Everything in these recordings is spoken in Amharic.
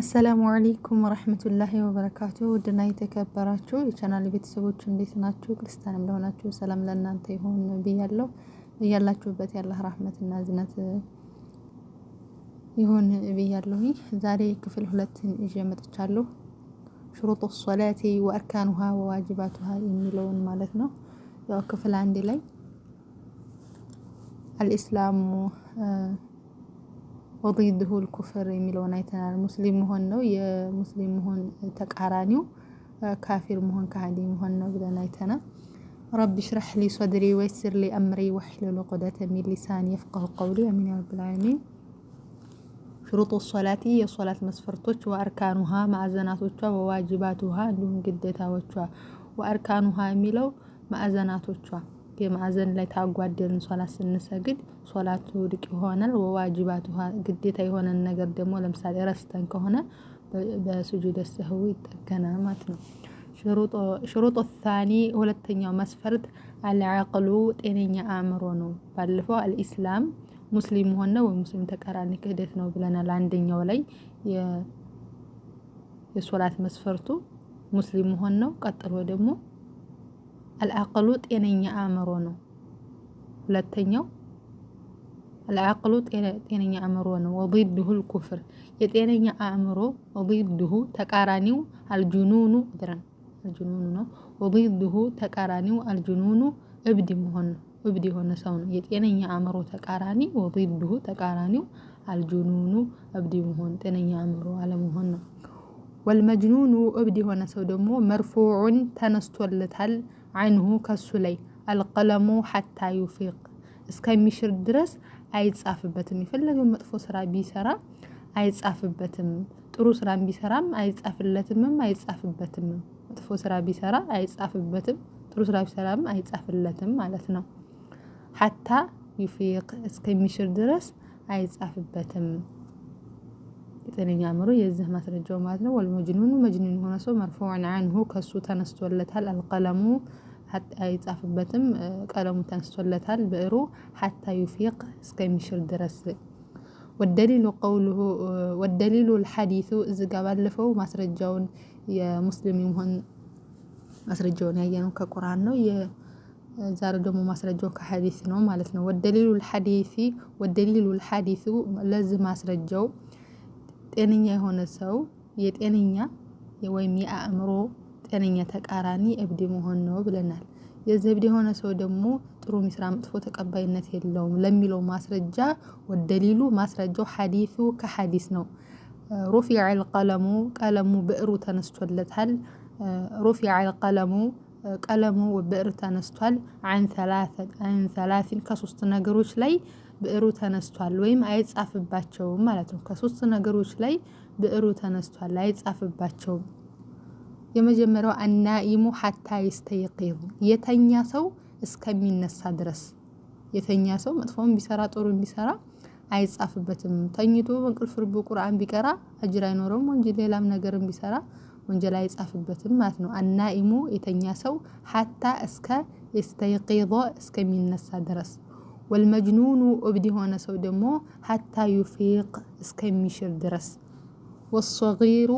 አሰላሙ አለይኩም ወረህመቱላሂ ወበረካቱ። ውድና የተከበራችሁ የቻናል ቤተሰቦች እንዴት ናችሁ? ክርስቲያንም ለሆናችሁ ሰላም ለእናንተ ይሁን ብያለሁ። እያላችሁበት ያለ ራህመትና እዝነት ይሁን ብያለሁ። ዛሬ ክፍል ሁለትን ይዤ መጥቻለሁ። ሽሩጡ ሶላቲ ወአርካኑሃ ወዋጅባቱሃ የሚለውን ማለት ነው። ያው ክፍል አንድ ላይ አልኢስላሙ ወዲድሁል ኩፍር የሚለውን አይተናል። ሙስሊም መሆን ነው የሙስሊም መሆን ተቃራኒው ካፊር መሆን ከሃዲ መሆን ነው ብለን አይተናል። ረቢ ሽረሕ ሊ ሶድሪ ወይስር ሊ አምሪ ወሕሉል ዑቅደተ ሚን ሊሳኒ የፍቀሁ ቀውሊ አሚን ረብል ሽሩጡ ሶላቲ የሶላት መስፈርቶች፣ ወአርካኑሃ ማዕዘናቶቿ፣ ወዋጅባቱሃ እንዲሁም ግዴታዎቿ። ወአርካኑሃ የሚለው ማዕዘናቶቿ የማዕዘን ላይ ታጓደልን ሶላት ስንሰግድ ሶላቱ ውድቅ ይሆናል። ወዋጅባት ግዴታ የሆነን ነገር ደግሞ ለምሳሌ ረስተን ከሆነ በሱጁደ ሰህዊ ይጠገናል ማለት ነው። ሽሩጡ ታኒ ሁለተኛው መስፈርት አልዓቅሉ ጤነኛ አእምሮ ነው። ባለፈው አልኢስላም ሙስሊም መሆን ነው ወይ ሙስሊም ተቃራኒ ክህደት ነው ብለናል። አንደኛው ላይ የሶላት መስፈርቱ ሙስሊም መሆን ነው። ቀጥሎ ደግሞ አልአቅሉ ጤነኛ አእምሮ ነው። ሁለተኛው አልአቅሉ ጤነኛ አእምሮ ነው። ወዲድሁ ልኩፍር የጤነኛ አእምሮ ወዲድሁ ተቃራኒው አልጅኑኑ ድረን አልጅኑኑ ነው። ወዲድሁ ተቃራኒው አልጅኑኑ እብድ መሆን ነው። እብድ የሆነ ሰው ነው። የጤነኛ አእምሮ ተቃራኒ ወዲድሁ ተቃራኒው አልጁኑኑ እብድ መሆን ጤነኛ አእምሮ አለመሆን ነው። ወልመጅኑኑ እብድ የሆነ ሰው ደግሞ መርፉዑን ተነስቶለታል አንሁ ከሱ ላይ አልቀለሙ ሐታ ዩፊቅ እስከሚሽር ድረስ አይጻፍበትም። የፈለገው መጥፎ ስራ ቢሰራ አይጻፍበትም። ጥሩ ስራ ቢሰራም አይጻፍለትምም አይጻፍበትም። መጥፎ ስራ ቢሰራ አይጻፍበትም። ጥሩ ስራ ቢሰራም አይጻፍለትም ማለት ነው። ሐታ ዩፊቅ እስከሚሽር ድረስ አይጻፍበትም። የጤነኛ አእምሮ የዚህ ማስረጃው ማለት ነው። ወልመጅኑኑ መጅኑን የሆነ ሰው መርፎን አንሁ ከሱ ተነስቶለታል። አልቀለሙ አይጻፍበትም፣ ቀለሙ ተነስቶለታል ብዕሩ ሐታ ዩፊቅ እስከሚሽር ድረስ። ወደሊሉ ቀውሉሁ ወደሊሉ ልሐዲቱ እዚህ ጋ ባለፈው ማስረጃውን የሙስሊም የመሆን ማስረጃውን ያየነው ከቁርአን ነው። ዛሬ ደግሞ ማስረጃው ከሐዲስ ነው ማለት ነው። ወደሊሉ ልሐዲሲ ወደሊሉ ልሐዲሱ ለዚህ ማስረጃው ጤነኛ የሆነ ሰው የጤነኛ ወይም የአእምሮ ጤነኛ ተቃራኒ እብድ መሆን ነው ብለናል። የዚህ እብድ የሆነ ሰው ደግሞ ጥሩ ሚስራ መጥፎ ተቀባይነት የለውም ለሚለው ማስረጃ ወደሊሉ ማስረጃው ሐዲሱ ከሐዲስ ነው። ሩፊዐል ልቀለሙ ቀለሙ ብዕሩ ተነስቶለታል። ሩፊዐል ልቀለሙ ቀለሙ ብዕር ተነስቷል። አን ሰላሲን ከሶስት ነገሮች ላይ ብዕሩ ተነስቷል ወይም አይጻፍባቸውም ማለት ነው። ከሶስት ነገሮች ላይ ብዕሩ ተነስቷል አይጻፍባቸውም። የመጀመሪያው አናኢሙ ሀታ ይስተይቂዙ የተኛ ሰው እስከሚነሳ ድረስ የተኛ ሰው መጥፎም ቢሰራ ጥሩ ቢሰራ አይጻፍበትም። ተኝቶ በእንቅልፍ ቁርአን ቢቀራ አጅር አይኖረውም። ወንጀል ሌላም ነገርም ቢሰራ ወንጀል አይጻፍበትም ማለት ነው። አናኢሙ የተኛ ሰው ሀታ እስከ ይስተይቂዞ እስከሚነሳ ድረስ ወልመጅኑኑ እብድ የሆነ ሰው ደግሞ ሀታ ዩፊቅ እስከሚሽር ድረስ ወሶጊሩ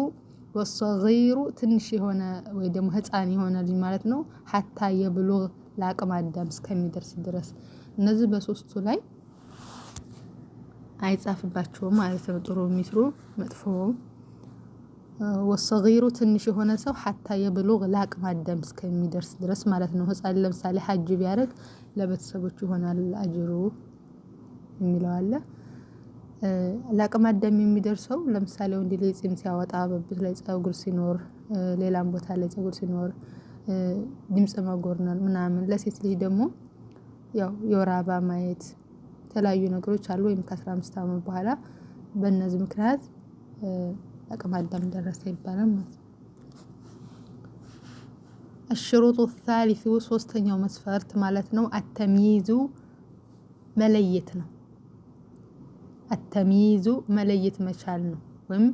ወሶጊሩ ትንሽ የሆነ ወይ ደግሞ ህፃን የሆነ ልጅ ማለት ነው። ሀታ የብሉግ ለአቅመ አዳም እስከሚደርስ ድረስ እነዚህ በሶስቱ ላይ አይጻፍባቸውም ማለት ነው። ጥሩ የሚስሩ መጥፎ ወሰገይሩ ትንሽ የሆነ ሰው ሀታ የብሉግ ለአቅመ አዳም እስከሚደርስ ድረስ ማለት ነው። ህፃን ለምሳሌ ሐጅ ቢያደርግ ለቤተሰቦች ይሆናል አጅሩ የሚለው አለ። ለአቅመ አዳም የሚደርሰው ለምሳሌ ወንድ ላይ ፂም ሲያወጣ፣ በብት ላይ ፀጉር ሲኖር፣ ሌላም ቦታ ላይ ፀጉር ሲኖር፣ ድምፅ መጎርነን ምናምን። ለሴት ልጅ ደግሞ ያው የወር አበባ ማየት የተለያዩ ነገሮች አሉ። ወይም ከአስራ አምስት ዓመት በኋላ በእነዚህ ምክንያት አቅመ አዳም ደረሰ ይባላል ማለት ነው። አሽሩጡ ሳሊሱ ሶስተኛው መስፈርት ማለት ነው አተሚይዙ መለየት ነው። አተሚይዙ መለየት መቻል ነው፣ ወይም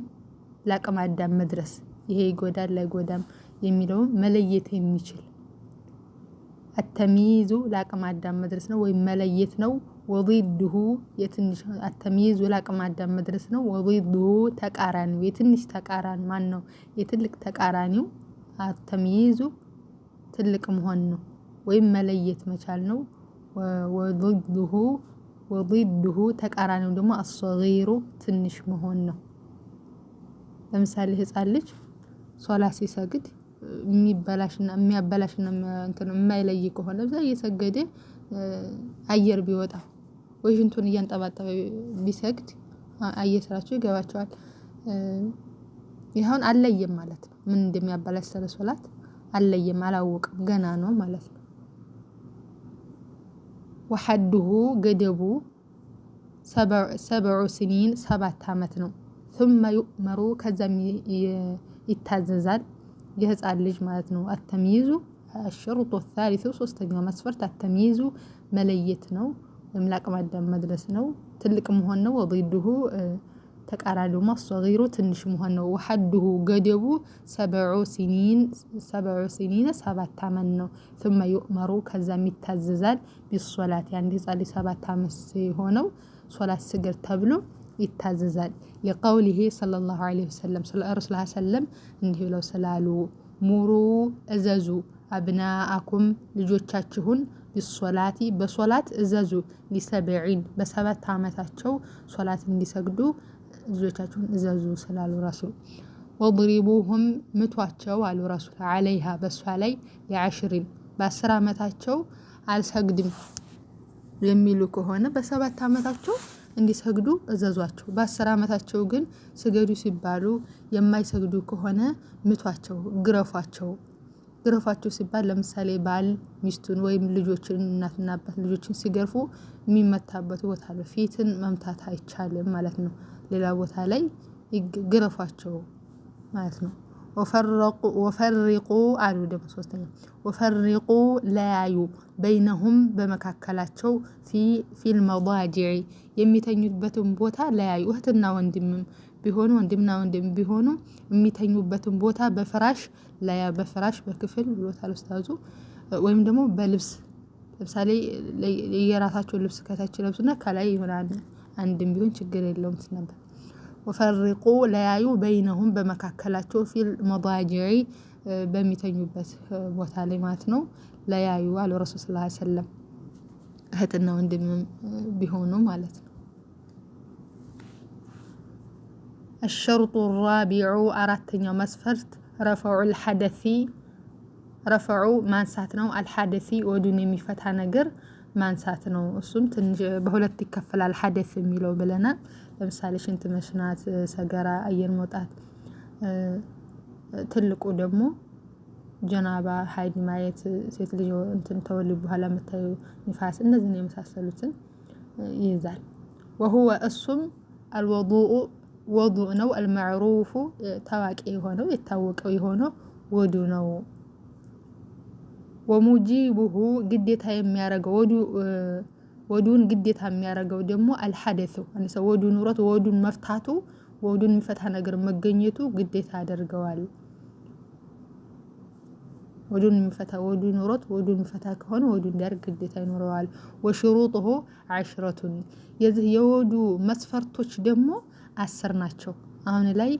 ለአቅመ አዳም መድረስ ይሄ ይጎዳል አይጎዳም የሚለውን መለየት የሚችል አተሚይዙ ለአቅመ አዳም መድረስ ነው ወይም መለየት ነው። ወዲዱሁ የትንሽ አተሚይዝ ወላቅም አዳም መድረስ ነው። ወዲዱሁ ተቃራኒው የትንሽ ተቃራኒ ማን ነው? የትልቅ ተቃራኒው አተሚይዙ ትልቅ መሆን ነው ወይም መለየት መቻል ነው። ወዲዱሁ ወዲዱሁ ተቃራኒው ደግሞ አሶጊሩ ትንሽ መሆን ነው። ለምሳሌ ህፃን ልጅ ሶላት ሲሰግድ የሚበላሽና የሚያበላሽና እንትን የማይለይ ከሆነ እየሰገደ አየር ቢወጣ ወይ ሽንቱን እያንጠባጠበ ቢሰግድ እየስራቸው ይገባቸዋል። ይኸውን አለየም ማለት ነው። ምን እንደሚያበላሽ ስለ ሶላት አለየም፣ አላወቅም ገና ነው ማለት ነው። ወሐድሁ ገደቡ ሰብዑ ስኒን ሰባት ዓመት ነው። ثم يؤمر ከዛም ይታዘዛል የህፃን ልጅ ማለት ነው። አተሚይዙ አሽሩጡ ታሊቱ ሶስተኛው መስፈርት አተሚይዙ መለየት ነው። ለአቅመ አዳም መድረስ ነው። ትልቅ መሆን ነው። ወዲድሁ ተቃራኒው ማሰጊሩ ትንሽ መሆን ነው። ወሐድሁ ገደቡ ሰብዑ ሲኒን ሰባት ነው። ثم يؤمر ከዛም ይታዘዛል ቢሶላት የአንድ ህፃን ሰባት ዓመት ሲሆነው ሶላት ስገድ ተብሎ ይታዘዛል። ሊቀውሊሂ ሰለላሁ ዐለይሂ ወሰለም ስለ ረሱል ሰለም እንዲህ ብለው ስላሉ ሙሩ እዘዙ አብናአኩም ልጆቻችሁን ቢሶላቲ በሶላት እዘዙ ሊሰብዒን በሰባት ዓመታቸው ሶላት እንዲሰግዱ ልጆቻችሁን እዘዙ ስላሉ ረሱል ወብሪቡሁም ምቷቸው አሉ ረሱል አለይሃ በሷ ላይ የአሽሪን በአስር ዓመታቸው አልሰግድም የሚሉ ከሆነ በሰባት ዓመታቸው እንዲሰግዱ እዘዟቸው። በአስር ዓመታቸው ግን ስገዱ ሲባሉ የማይሰግዱ ከሆነ ምቷቸው፣ ግረፏቸው። ግረፋቸው ሲባል ለምሳሌ ባል ሚስቱን ወይም ልጆችን እናትና አባት ልጆችን ሲገርፉ የሚመታበት ቦታ አለ። ፊትን መምታት አይቻልም ማለት ነው። ሌላ ቦታ ላይ ግረፏቸው ማለት ነው። ወፈሪቁ አሉ ደግሞ ሶስተኛ ወፈሪቁ ለያዩ በይነሁም በመካከላቸው ፊልመባጅ የሚተኙበትን ቦታ ለያዩ እህትና ወንድምም ቢሆኑ ወንድምና ወንድም ቢሆኑ የሚተኙበትን ቦታ በፍራሽ ላያ በፍራሽ በክፍል ብሎታል ኡስታዙ። ወይም ደግሞ በልብስ ለምሳሌ የራሳቸውን ልብስ ከታች ለብሱና ከላይ የሆነ አንድም ቢሆን ችግር የለውም ስ ነበር። ወፈሪቁ ለያዩ በይነሁም በመካከላቸው ፊል መባጅዒ በሚተኙበት ቦታ ላይ ማለት ነው። ለያዩ አሉ ረሱል ስ ሰለም እህትና ወንድም ቢሆኑ ማለት ነው። አሸርጡ ራቢዑ አራተኛው መስፈርት ረፈዑ አልሐደሲ ረፈዑ ማንሳት ነው። አልሐደሲ ወዱን የሚፈታ ነገር ማንሳት ነው። እሱም ትንሽ በሁለት ይከፈላል። ሐደስ የሚለው ብለናል። ለምሳሌ ሽንት መሽናት፣ ሰገራ፣ አየር መውጣት። ትልቁ ደግሞ ጀናባ፣ ሀይድ ማየት፣ ሴት ልጅ እንትን ተወልድ በኋላ የምታዩ ንፋስ፣ እነዚህን የመሳሰሉትን ይይዛል። ወሁወ እሱም አልወዱኡ ወዱ ነው። አልማዕሩፉ ታዋቂ የሆነው የታወቀው የሆነው ወዱ ነው። ወሙጂቡሁ ግዴታ የሚያረገው ወዱን ግዴታ የሚያረገው ደግሞ አልሐደሱ ሰው ወዱ ኑሮት ወዱን መፍታቱ ወዱን የሚፈታ ነገር መገኘቱ ግዴታ ያደርገዋል። ወዱን የሚፈታ ወዱ ኑሮት ወዱን የሚፈታ ከሆነ ወዱ እንዲያርግ ግዴታ ይኖረዋል። ወሽሩጡሁ አሽረቱን የዚህ የወዱ መስፈርቶች ደግሞ አስር ናቸው። አሁን ላይ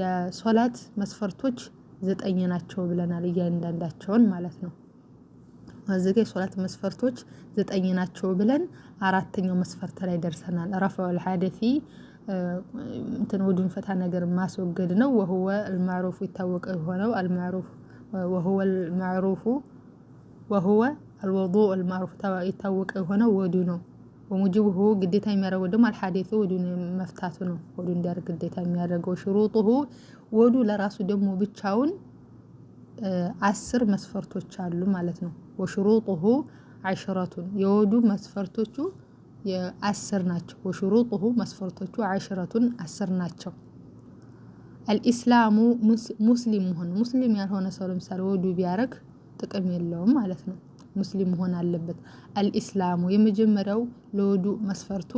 የሶላት መስፈርቶች ዘጠኝ ናቸው ብለናል፣ እያንዳንዳቸውን ማለት ነው። እዚህ ጋ የሶላት መስፈርቶች ዘጠኝ ናቸው ብለን አራተኛው መስፈርት ላይ ደርሰናል። ረፈዑል ሐደፊ እንትን ውዱን ፈታ ነገር ማስወገድ ነው። ወህወ አልማዕሩፉ ይታወቀ የሆነው አልማዕሩፍ ወህወ አልማዕሩፉ ወህወ አልወዱእ አልማዕሩፍ ይታወቀ የሆነው ወዱ ነው። ወሙጅብሁ ግዴታ የሚያደርገው ደግሞ አልሐዴቱ ወዱን መፍታቱ ነው። ወዱ እንዲያደርግ ግዴታ የሚያደርገው ሽሩጡሁ ወዱ ለራሱ ደግሞ ብቻውን አስር መስፈርቶች አሉ ማለት ነው። ወሽሩጡሁ አሽረቱን የወዱ መስፈርቶቹ አስር ናቸው። ወሽሩጡሁ መስፈርቶቹ አሽረቱን አስር ናቸው። አልኢስላሙ ሙስሊም መሆን ሙስሊም ያልሆነ ሰው ለምሳሌ ወዱ ቢያደርግ ጥቅም የለውም ማለት ነው። ሙስሊም መሆን አለበት። አልኢስላሙ የመጀመሪያው ለወዱ መስፈርቱ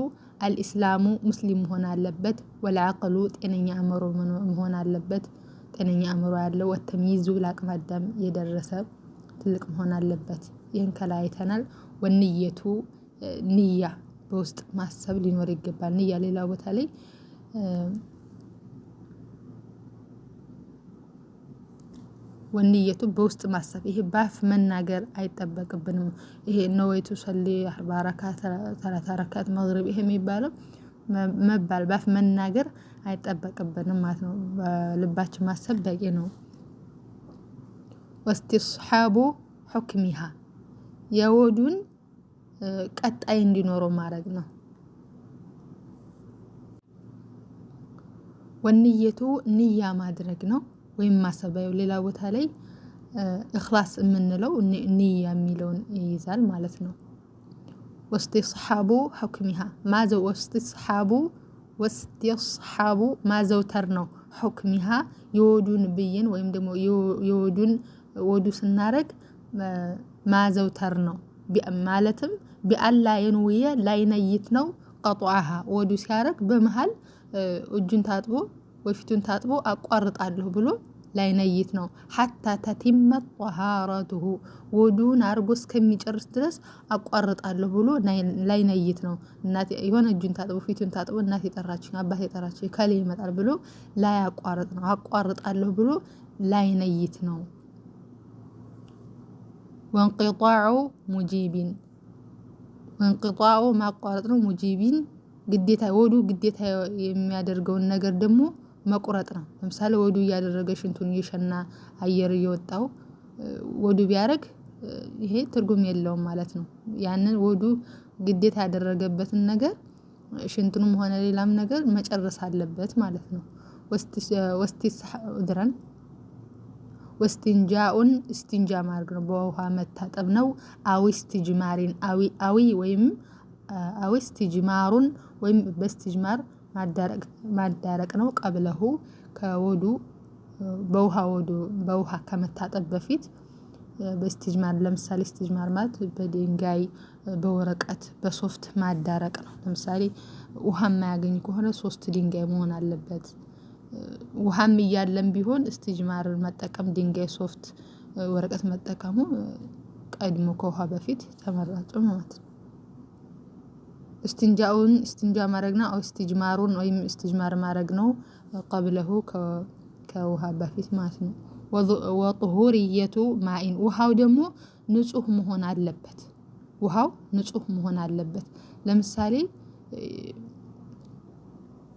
አልኢስላሙ ሙስሊም መሆን አለበት። ወልዓቅሉ ጤነኛ አእምሮ መሆን አለበት። ጤነኛ አእምሮ ያለው ወተሚይዙ ለአቅመ አዳም የደረሰ ትልቅ መሆን አለበት። ይህን ከላይ አይተናል። ወንየቱ ንያ በውስጥ ማሰብ ሊኖር ይገባል። ንያ ሌላ ቦታ ላይ ወንየቱ በውስጥ ማሰብ ይሄ ባፍ መናገር አይጠበቅብንም። ይሄ ነወይቱ ሰሌ አርባረካ ረካት ረካት መግሪብ ይሄ የሚባለው መባል ባፍ መናገር አይጠበቅብንም ማለት ነው። ልባችን ማሰብ በቂ ነው። ወስቲስሓቡ ሑክሚሃ የወዱን ቀጣይ እንዲኖረው ማድረግ ነው። ወንየቱ ንያ ማድረግ ነው። ወይም ማሰብ ሌላ ቦታ ላይ እክላስ የምንለው ንያ የሚለውን ይይዛል ማለት ነው። ወስቲስሓቡ ሐኩሚሃ ማዘው ወስቲስሓቡ ወስቲስሓቡ ማዘውተር ነው። ሐኩሚሃ የወዱን ብይን ወይም ደግሞ የወዱን ወዱ ስናረግ ማዘውተር ነው። ማለትም ቢአላ የንውየ ላይነይት ነው። ቀጧሃ ወዱ ሲያረግ በመሃል እጁን ታጥቦ ወፊቱን ታጥቦ አቋርጣለሁ ብሎ ላይነይት ነው። ሀታ ተቲመት ጠሃረቱሁ ወዱን አርጎ እስከሚጨርስ ድረስ አቋርጣለሁ ብሎ ላይነይት ነው። የሆነ እጁን ታጥቦ ፊቱን ታጥቦ እናቴ የጠራችኝ አባት የጠራችኝ ከሌ ይመጣል ብሎ ላያቋርጥ ነው። አቋርጣለሁ ብሎ ላይነይት ነው። ወንቅጣዑ ሙጂቢን ወንቅጣዑ ማቋረጥ ነው። ሙጂቢን ግዴታ ወዱ ግዴታ የሚያደርገውን ነገር ደግሞ መቁረጥ ነው። ለምሳሌ ወዱ እያደረገ ሽንቱን እየሸና አየር እየወጣው ወዱ ቢያደርግ ይሄ ትርጉም የለውም ማለት ነው። ያንን ወዱ ግዴታ ያደረገበትን ነገር ሽንቱንም ሆነ ሌላም ነገር መጨረስ አለበት ማለት ነው። ድረን ወስቲንጃኡን እስቲንጃ ማድረግ ነው በውሃ መታጠብ ነው። አዊስቲጅማሪን አዊ አዊ ወይም አዊስቲጅማሩን ወይም በስቲጅማር ማዳረቅ ነው። ቀብለሁ ከወዱ በውሃ ወዱ በውሃ ከመታጠብ በፊት በስቲጅማር ለምሳሌ ስቲጅማር ማለት በድንጋይ በወረቀት በሶፍት ማዳረቅ ነው። ለምሳሌ ውሃ የማያገኝ ከሆነ ሶስት ድንጋይ መሆን አለበት። ውሃም እያለም ቢሆን ስቲጅማር መጠቀም ድንጋይ ሶፍት ወረቀት መጠቀሙ ቀድሞ ከውሃ በፊት ተመራጩ ማለት ነው እስትንጃውን እስትንጃ ማድረግ ነው። እስትጅማሩን ወይም እስትጅማር ማድረግ ነው። ቀብለሁ ከውሃ በፊት ማለት ነው። ወጡሁርየቱ ማኢን ውሃው ደግሞ ንጹህ መሆን አለበት። ውሃው ንጹህ መሆን አለበት። ለምሳሌ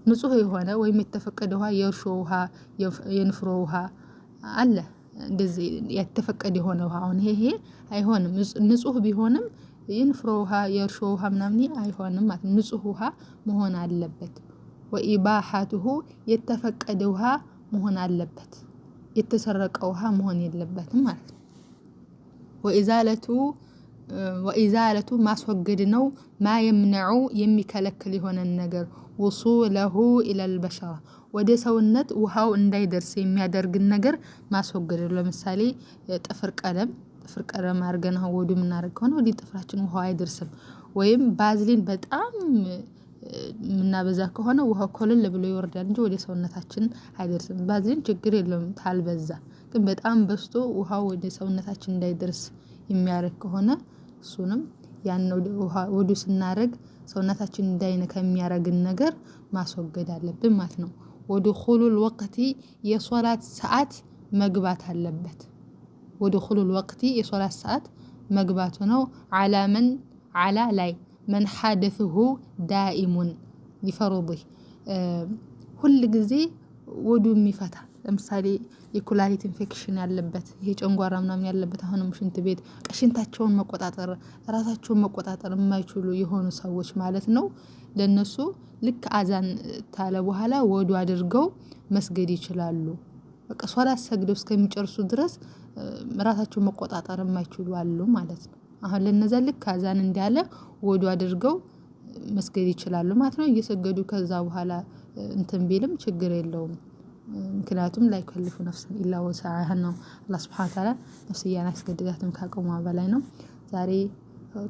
ንጹህ የሆነ ወይም የተፈቀደ ውሃ የእርሾ ውሃ፣ የንፍሮ ውሃ አለ እንደዚህ የተፈቀደ የሆነ ውሃ አሁን ይሄ አይሆንም። ንጹህ ቢሆንም የንፍሮ ውሃ የእርሾ ውሃ ምናምን አይሆንም ማለት ንጹህ ውሃ መሆን አለበት። ወኢባሃቱሁ የተፈቀደ ውሃ መሆን አለበት። የተሰረቀ ውሃ መሆን የለበትም ማለት ነው። ወኢዛለቱ ማስወገድ ነው። ማ የምነዑ የሚከለክል የሆነን ነገር ውሱለሁ ኢለል በሸራ ወደ ሰውነት ውሃው እንዳይደርስ የሚያደርግን ነገር ማስወገድ ነው። ለምሳሌ ጥፍር ቀለም ጥፍር ቀለም አድርገን ወዱ የምናደርግ ከሆነ ወዲህ ጥፍራችን ውሃ አይደርስም። ወይም ባዝሊን በጣም የምናበዛ ከሆነ ውሃው ኮልል ብሎ ይወርዳል እንጂ ወደ ሰውነታችን አይደርስም። ባዝሊን ችግር የለውም ታልበዛ ግን በጣም በዝቶ ውሃው ወደ ሰውነታችን እንዳይደርስ የሚያደርግ ከሆነ እሱንም ያን ወዱ ስናደርግ ሰውነታችን እንዳይነ የሚያደርግን ነገር ማስወገድ አለብን ማለት ነው። ወዱ ኹሉል ወቅቲ የሶላት ሰዓት መግባት አለበት ወደ ሁሉል ወቅቲ የሶላት ሰዓት መግባቱ ነው። አላመን አላ ላይ መን ሓደፍሁ ዳኢሙን ሊፈሮብህ ሁል ጊዜ ወዱ የሚፈታ ለምሳሌ የኩላሊት ኢንፌክሽን ያለበት ይሄ ጨንጓራ ምናምን ያለበት አሁንም ሽንት ቤት ቀሽንታቸውን መቆጣጠር ራሳቸውን መቆጣጠር የማይችሉ የሆኑ ሰዎች ማለት ነው። ለነሱ ልክ አዛን ታለ በኋላ ወዱ አድርገው መስገድ ይችላሉ። በቃ ሶላት ሰግደው እስከሚጨርሱ ድረስ ራሳቸውን መቆጣጠር የማይችሉ አሉ ማለት ነው። አሁን ለነዛ ልክ ከዛን እንዳለ ወዱ አድርገው መስገድ ይችላሉ ማለት ነው። እየሰገዱ ከዛ በኋላ እንትን ቢልም ችግር የለውም። ምክንያቱም ላይ ከልፉ ነፍሰን ኢላ ወስዓሃ ነው አላህ ሱብሓነሁ ወተዓላ ነፍስያን አያስገድዳትም ከአቅሟ በላይ ነው። ዛሬ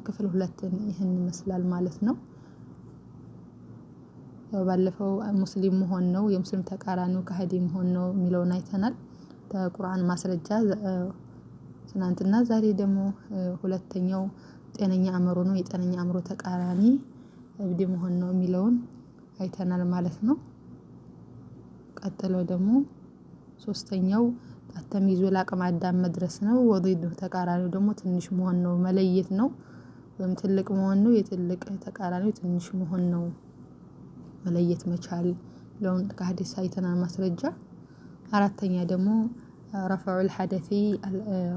ክፍል ሁለትን ይህን ይመስላል ማለት ነው። ባለፈው ሙስሊም መሆን ነው የሙስሊም ተቃራኒው ከሃዲ መሆን ነው የሚለውን አይተናል ከቁርአን ማስረጃ ትናንትና፣ ዛሬ ደግሞ ሁለተኛው ጤነኛ አእምሮ ነው። የጤነኛ አእምሮ ተቃራኒ እብድ መሆን ነው የሚለውን አይተናል ማለት ነው። ቀጥለው ደግሞ ሶስተኛው ይዞ ለአቅመ አዳም መድረስ ነው። ወዲዱ ተቃራኒው ደግሞ ትንሽ መሆን ነው፣ መለየት ነው። ወይም ትልቅ መሆን ነው። የትልቅ ተቃራኒው ትንሽ መሆን ነው፣ መለየት መቻል ለውን ከሀዲስ አይተናል ማስረጃ። አራተኛ ደግሞ ረፈዑል ሐደፊ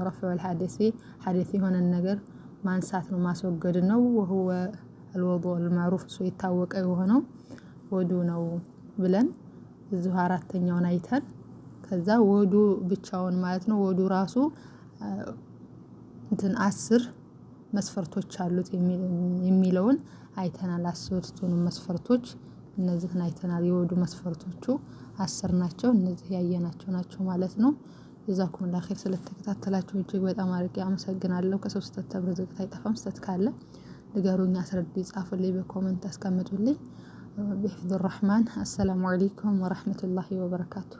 ረፈዑል ሐደፊ ሐደፊ የሆነን ነገር ማንሳት ነው ማስወገድ ነው። ወሁወ አልወዱእ አልማዕሩፍ እሱ የታወቀ የሆነው ወዱ ነው ብለን እዚሁ አራተኛውን አይተን ከዛ ወዱ ብቻውን ማለት ነው። ወዱ ራሱ እንትን አስር መስፈርቶች አሉት የሚለውን አይተናል። አስርቱንም መስፈርቶች እነዚህን አይተናል። የወዱ መስፈርቶቹ አስር ናቸው። እነዚህ ያየናቸው ናቸው ማለት ነው። የዛኩምላ ኸይር ስለተከታተላችሁ እጅግ በጣም አርቄ አመሰግናለሁ። ከሰው ስህተት ተብሎ ዝቅት አይጠፋም። ስህተት ካለ ንገሩኝ፣ አስረዱ፣ ጻፉልኝ፣ በኮመንት አስቀምጡልኝ። ቢሕፍዝ ራሕማን። አሰላሙ አለይኩም ወረሕመቱላሂ ወበረካቱ።